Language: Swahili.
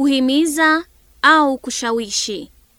kuhimiza au kushawishi.